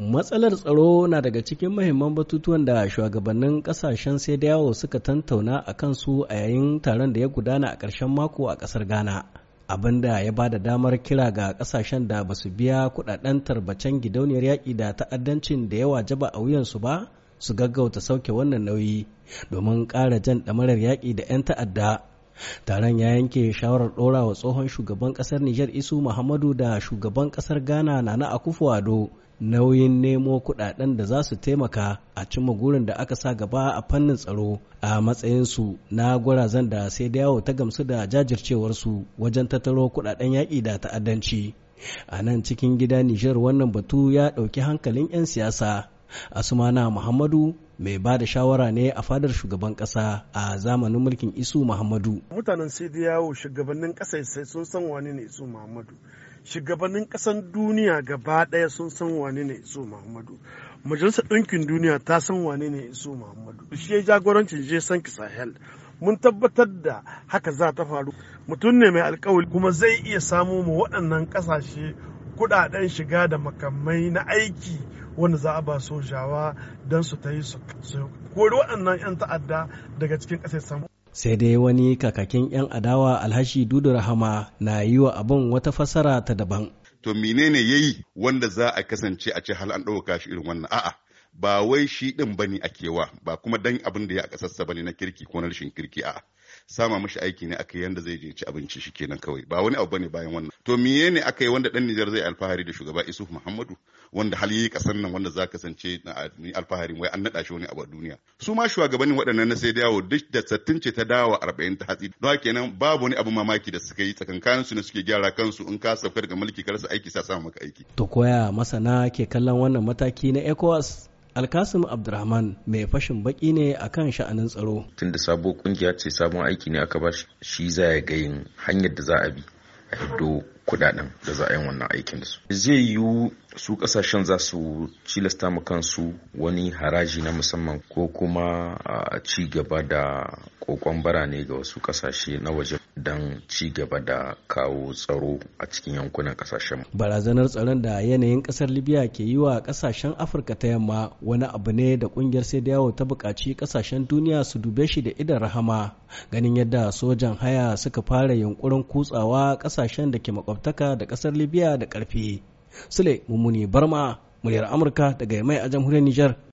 Matsalar tsaro na daga cikin mahimman batutuwan da shugabannin kasashen sai da yawo suka tantauna a kansu a yayin taron da ya gudana a ƙarshen mako a ƙasar Ghana. Abin da ya ba da damar kira ga kasashen da ba su biya kudaden tarbacen gidauniyar yaƙi da ta'addancin da yawa jaba a wuyansu ba su gaggauta sauke wannan nauyi domin ƙara jan ɗamarar yaƙi da 'yan ta'adda taron ya yanke shawarar ɗora wa tsohon shugaban ƙasar nijar isu muhammadu da shugaban ƙasar ghana na akufo-addo nauyin nemo kuɗaɗen da za su taimaka a cimma gurin da aka sa gaba a fannin tsaro a matsayinsu na gwarazan da sai da yawo ta gamsu da jajircewarsu wajen tattaro kuɗaɗen yaƙi da ta'addanci a nan cikin gida nijar wannan batu ya ɗauki hankalin 'yan siyasa asumana muhammadu mai ba da shawara ne a fadar shugaban kasa a zamanin mulkin isu muhammadu mutanen sai da yawo shugabannin kasa sai sun san wani ne isu muhammadu shugabannin kasan duniya gaba daya sun san wani ne isu muhammadu majalisar ɗinkin duniya ta san wani ne isu muhammadu shi ya jagorancin je sanki sahel mun tabbatar da haka za ta faru mutum ne mai alkawari kuma zai iya samo mu waɗannan ƙasashe kuɗaɗen shiga da makamai na aiki wanda za a ba sojawa don su ta yi su kori waɗannan 'yan ta'adda daga cikin ƙasar samu. sai dai wani kakakin 'yan adawa alhashi dudu rahama na yi wa abin wata fasara ta daban. to menene yayi wanda za a kasance a ce hal an ɗauka shi irin wannan a'a ba wai shi ɗin bane a kewa ba kuma dan abin da ya kasassa bane na kirki ko na rashin kirki a sama mashi aiki ne aka yanda zai je ci abinci shi kenan kawai ba wani abu bane bayan wannan to miye ne aka yi wanda dan Nijar zai alfahari da shugaba Isuf Muhammadu wanda hal yi kasan nan wanda za kasance ni alfaharin wai an nada shi wani abu a duniya su ma shugabannin waɗannan na sai dawo duk da sattin ce ta dawo 40 ta hatsi don kenan babu wani abu mamaki da suka yi tsakankanin su ne suke gyara kansu in ka saukar ga mulki karsa aiki sa samu maka aiki to koya masana ke kallon wannan mataki na ECOWAS alkasim abdurrahman mai fashin baki ne akan sha'anin tsaro tunda sabo kungiya ce sabon aiki ne aka ba shi za ga yin hanyar da za a bi a kudaden da za a yi wannan aikin su zai yiwu su kasashen za su cilasta mu kansu wani haraji na musamman ko kuma a ci gaba da kokon birane ga wasu kasashe na waje don ci gaba da kawo tsaro a cikin yankunan kasashen barazanar tsaron da yanayin kasar libya ke yi wa kasashen afirka ta yamma wani abu ne da kungiyar sai da yawo ta bukaci kasashen duniya su dube shi da idan rahama ganin yadda sojan haya suka fara yunkurin kutsawa kasashen da ke makwabtaka da ƙasar Libya da ƙarfi. Sule Mummuni Barma, muryar Amurka daga mai a jamhuriyar Nijar.